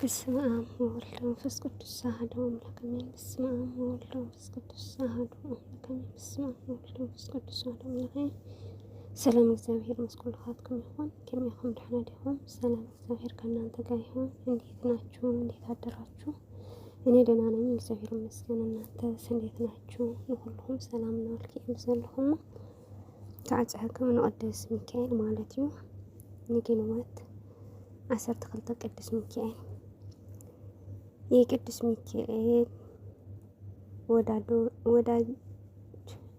በስመ አብ ወወልድ ወመንፈስ ቅዱስ አሐዱ አምላክ አሜን። በስመ አብ ወወልድ ወመንፈስ ቅዱስ አሐዱ አምላክ አሜን። በስመ አብ ወወልድ ወመንፈስ ቅዱስ አሐዱ አምላክ አሜን። ሰላም እግዚአብሔር መስቀል ሀትኩም ይሁን ከሚያሁን ደህና ይሁን። ሰላም እግዚአብሔር ከእናንተ ጋር ይሁን። እንዴት ናችሁ? እንዴት አደራችሁ? እኔ ደህና ነኝ እግዚአብሔር ይመስገን። እናንተስ እንዴት ናችሁ? ሁሉም ሰላም ነው። ልክ ዘለኹም ተዓፅሕክም ንቅዱስ ሚካኤል ማለት እዩ ንግንወት ዓሰርተ ክልተ ቅዱስ ሚካኤል የቅዱስ ሚካኤል ወዳጅ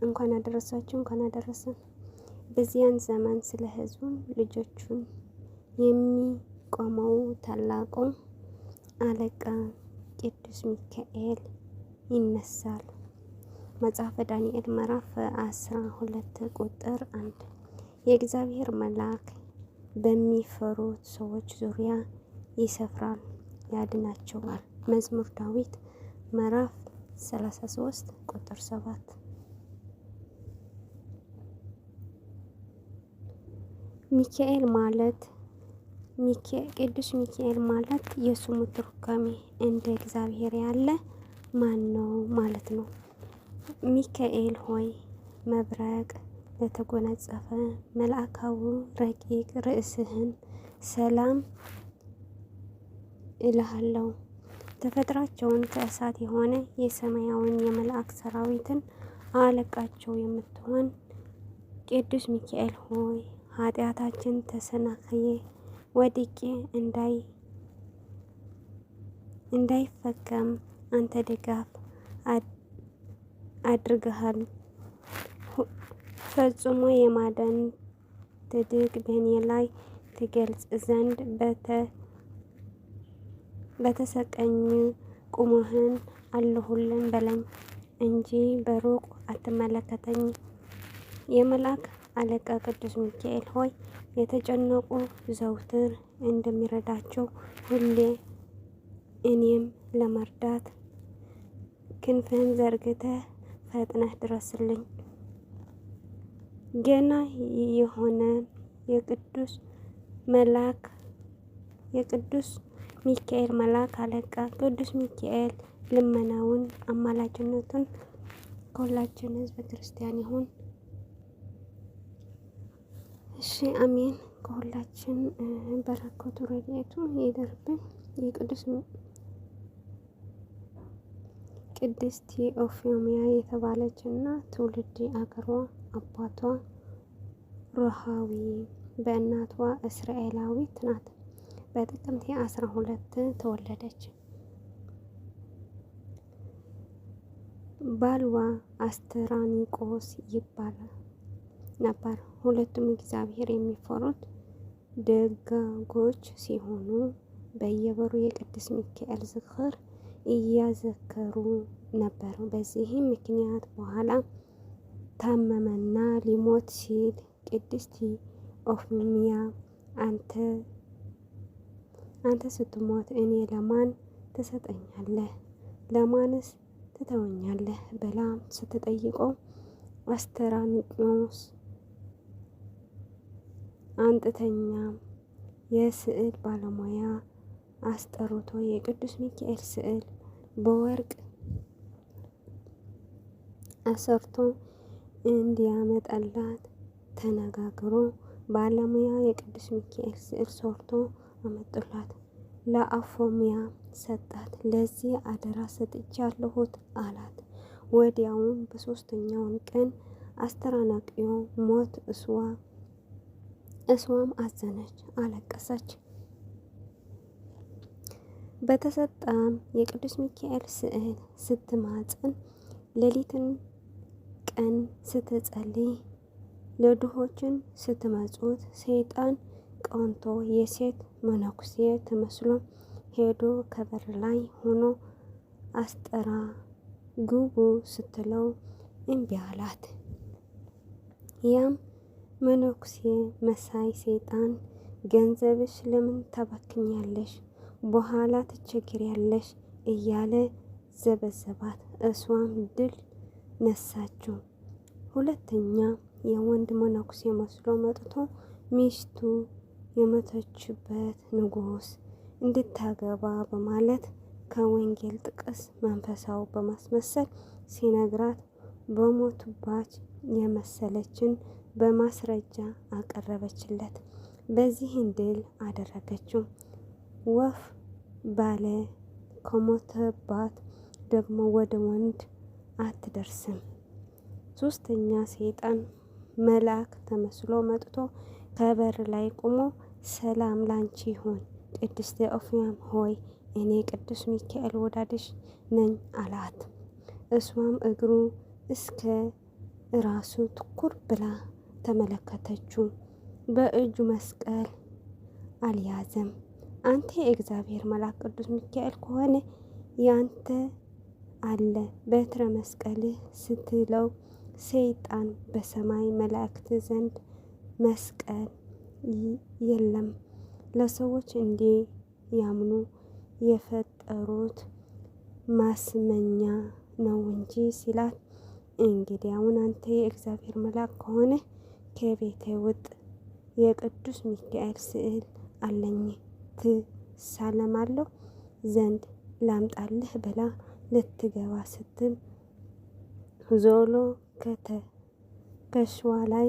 እንኳን አደረሳችሁ፣ እንኳን አደረሰን። በዚያን ዘመን ስለ ሕዝቡ ልጆቹን የሚቆመው ታላቁ አለቃ ቅዱስ ሚካኤል ይነሳል። መጽሐፈ ዳንኤል ምዕራፍ አስራ ሁለት ቁጥር አንድ የእግዚአብሔር መልአክ በሚፈሩት ሰዎች ዙሪያ ይሰፍራል፣ ያድናቸዋል። መዝሙር ዳዊት ምዕራፍ 33 ቁጥር 7 ሚካኤል ማለት ቅዱስ ሚካኤል ማለት የስሙ ትርጓሜ እንደ እግዚአብሔር ያለ ማን ነው ማለት ነው። ሚካኤል ሆይ መብረቅ ለተጎናጸፈ መልአካዊ ረቂቅ ርዕስህን ሰላም እልሃለሁ። ተፈጥራቸውን ከእሳት የሆነ የሰማያዊን የመልአክ ሰራዊትን አለቃቸው የምትሆን ቅዱስ ሚካኤል ሆይ ኃጢአታችን ተሰናክዬ ወድቄ እንዳይ እንዳይፈቀም አንተ ድጋፍ አድርገሃል። ፈጽሞ የማዳን ትድቅ በእኔ ላይ ትገልጽ ዘንድ በተ በተሰቀኝ ቁመህን አለሁልን በለኝ እንጂ በሩቅ አትመለከተኝ። የመልአክ አለቃ ቅዱስ ሚካኤል ሆይ የተጨነቁ ዘውትር እንደሚረዳቸው ሁሌ እኔም ለመርዳት ክንፍህን ዘርግተ ፈጥነህ ድረስልኝ። ገና የሆነ የቅዱስ መልአክ የቅዱስ ሚካኤል መልአክ አለቃ ቅዱስ ሚካኤል ልመናውን አማላጅነቱን ከሁላችን ህዝበ ክርስቲያን ይሁን። እሺ አሜን። ከሁላችን በረከቱ ረድኤቱ ይደርብን። የቅዱስ ቅድስት ኦፊሚያ የተባለች እና ትውልድ አገሯ አባቷ ሮሃዊ በእናቷ እስራኤላዊት ናት። በጥቅምት አስራ ሁለት ተወለደች። ባልዋ አስትራኒቆስ ይባላል ነበር። ሁለቱም እግዚአብሔር የሚፈሩት ደጋጎች ሲሆኑ በየበሩ የቅዱስ ሚካኤል ዝክር እያዘከሩ ነበር። በዚህም ምክንያት በኋላ ታመመና ሊሞት ሲል ቅድስት ኦፍሚያ አንተ አንተ ስትሞት እኔ ለማን ትሰጠኛለህ? ለማንስ ትተወኛለህ? ብላ ስትጠይቀው አስተራኒቅዮስ አንጥተኛ የስዕል ባለሙያ አስጠርቶ የቅዱስ ሚካኤል ስዕል በወርቅ አሰርቶ እንዲያመጣላት ተነጋግሮ ባለሙያ የቅዱስ ሚካኤል ስዕል ሰርቶ አመጡላት። ለአፎሚያ ሰጣት። ለዚህ አደራ ሰጥቻለሁት አላት። ወዲያውም በሶስተኛውን ቀን አስተራናቂው ሞት እስዋ እስዋም አዘነች፣ አለቀሰች። በተሰጣም የቅዱስ ሚካኤል ስዕል ስትማጽን ሌሊትን ቀን ስትጸልይ ለድሆችን ስትመጹት ሰይጣን ቆንቶ የሴት መነኩሴ ተመስሎ ሄዶ ከበር ላይ ሆኖ አስጠራ ግቡ ስትለው እምቢ አላት። ያም መነኩሴ መሳይ ሰይጣን ገንዘብሽ ለምን ታባክኛለሽ? በኋላ ትቸግሪያለሽ እያለ ዘበዘባት። እሷም ድል ነሳችው። ሁለተኛ የወንድ መነኩሴ መስሎ መጥቶ ሚስቱ የሞተችበት ንጉስ እንድታገባ በማለት ከወንጌል ጥቅስ መንፈሳዊ በማስመሰል ሲነግራት በሞቱባት የመሰለችን በማስረጃ አቀረበችለት። በዚህ ድል አደረገችው። ወፍ ባለ ከሞተባት ደግሞ ወደ ወንድ አትደርስም። ሶስተኛ ሰይጣን መልአክ ተመስሎ መጥቶ ከበር ላይ ቆሞ ሰላም ላንቺ ይሁን ቅድስት ኦፍያም ሆይ እኔ ቅዱስ ሚካኤል ወዳድሽ ነኝ አላት። እሷም እግሩ እስከ ራሱ ትኩር ብላ ተመለከተችው። በእጁ መስቀል አልያዘም። አንተ የእግዚአብሔር መልአክ ቅዱስ ሚካኤል ከሆነ ያንተ አለ በትረ መስቀልህ ስትለው ሰይጣን በሰማይ መላእክት ዘንድ መስቀል የለም። ለሰዎች ያምኑ የፈጠሩት ማስመኛ ነው እንጂ ሲላት፣ አሁን አንተ የእግዚአብሔር መልአክ ከሆነ ከቤቴ ውጥ፣ የቅዱስ ሚካኤል ስዕል አለኝ ትሳለማለሁ ዘንድ ላምጣልህ ብላ ልትገባ ስትል ዞሎ ከሽዋ ላይ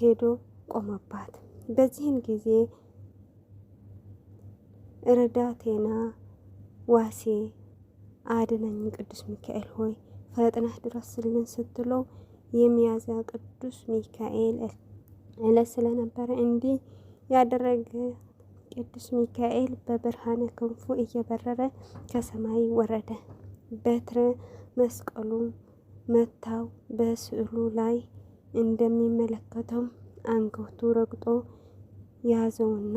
ሄዶ ቆመባት። በዚህን ጊዜ ረዳቴና ዋሴ አድነኝ ቅዱስ ሚካኤል ሆይ ፈጥነህ ድረስልን ስትለው የሚያዝያ ቅዱስ ሚካኤል ዕለት ስለነበረ እንዲህ ያደረገ ቅዱስ ሚካኤል በብርሃነ ክንፉ እየበረረ ከሰማይ ወረደ። በትረ መስቀሉ መታው። በስዕሉ ላይ እንደሚመለከተው አንገቱ ረግጦ ያዘውና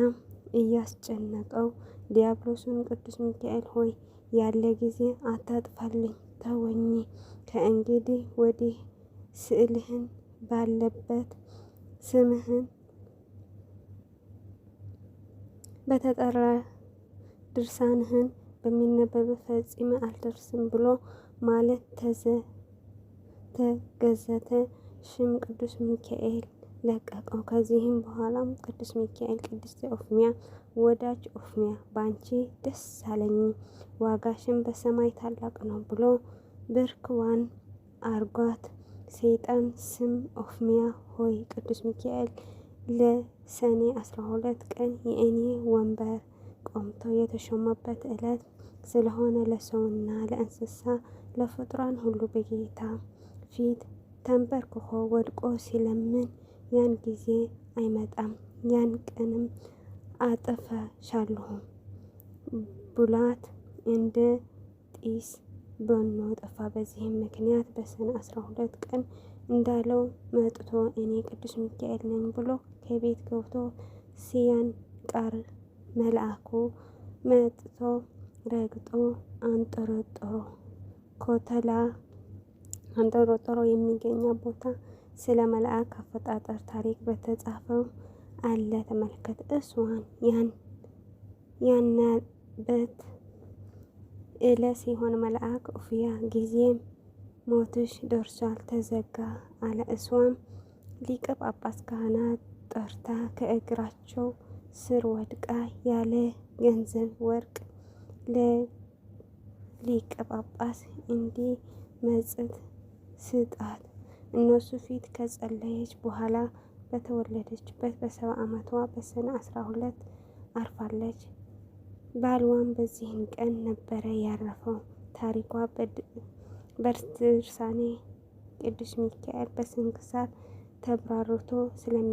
እያስጨነቀው ዲያብሎስን ቅዱስ ሚካኤል ሆይ ያለ ጊዜ አታጥፋልኝ፣ ተወኝ። ከእንግዲህ ወዲህ ስዕልህን ባለበት ስምህን በተጠራ ድርሳንህን በሚነበብ ፈጽሜ አልደርስም ብሎ ማለት ተገዘተ። ሽም ቅዱስ ሚካኤል ለቀቀው። ከዚህም በኋላም ቅዱስ ሚካኤል ቅድስት ኦፍሚያ ወዳጅ ኦፍሚያ ባንቺ ደስ አለኝ፣ ዋጋሽን በሰማይ ታላቅ ነው ብሎ ብርክዋን አርጓት። ሰይጣን ስም ኦፍሚያ ሆይ ቅዱስ ሚካኤል ለሰኔ 12 ቀን የእኔ ወንበር ቆምቶ የተሾመበት ዕለት ስለሆነ ለሰውና ለእንስሳ ለፍጡራን ሁሉ በጌታ ፊት ተንበርክኮ ወድቆ ሲለምን ያን ጊዜ አይመጣም፣ ያን ቀንም አጠፋሻለሁ ቡላት እንደ ጢስ በኖ ጠፋ። በዚህም ምክንያት በሰኔ አስራ ሁለት ቀን እንዳለው መጥቶ እኔ ቅዱስ ሚካኤል ነኝ ብሎ ከቤት ገብቶ ሲያን ቃር መልአኩ መጥቶ ረግጦ አንጠረጠሮ ኮተላ አንጠረጠሮ የሚገኛ ቦታ ስለ መልአክ አፈጣጠር ታሪክ በተጻፈው አለ ተመልከት። እሷን ያናበት እለ ሲሆን መልአክ ኡፍያ ጊዜም ሞትሽ ደርሷል ተዘጋ አለ። እሷም ሊቀ ጳጳስ ካህናት ጠርታ ከእግራቸው ስር ወድቃ ያለ ገንዘብ ወርቅ ለሊቀ ጳጳስ እንዲህ መጽት ስጣት እነሱ ፊት ከጸለየች በኋላ በተወለደችበት በሰባ ዓመቷ በሰነ አስራ ሁለት አርፋለች። ባልዋም በዚህን ቀን ነበረ ያረፈው። ታሪኳ በድርሳነ ቅዱስ ሚካኤል በስንክሳር ተብራርቶ ስለሚ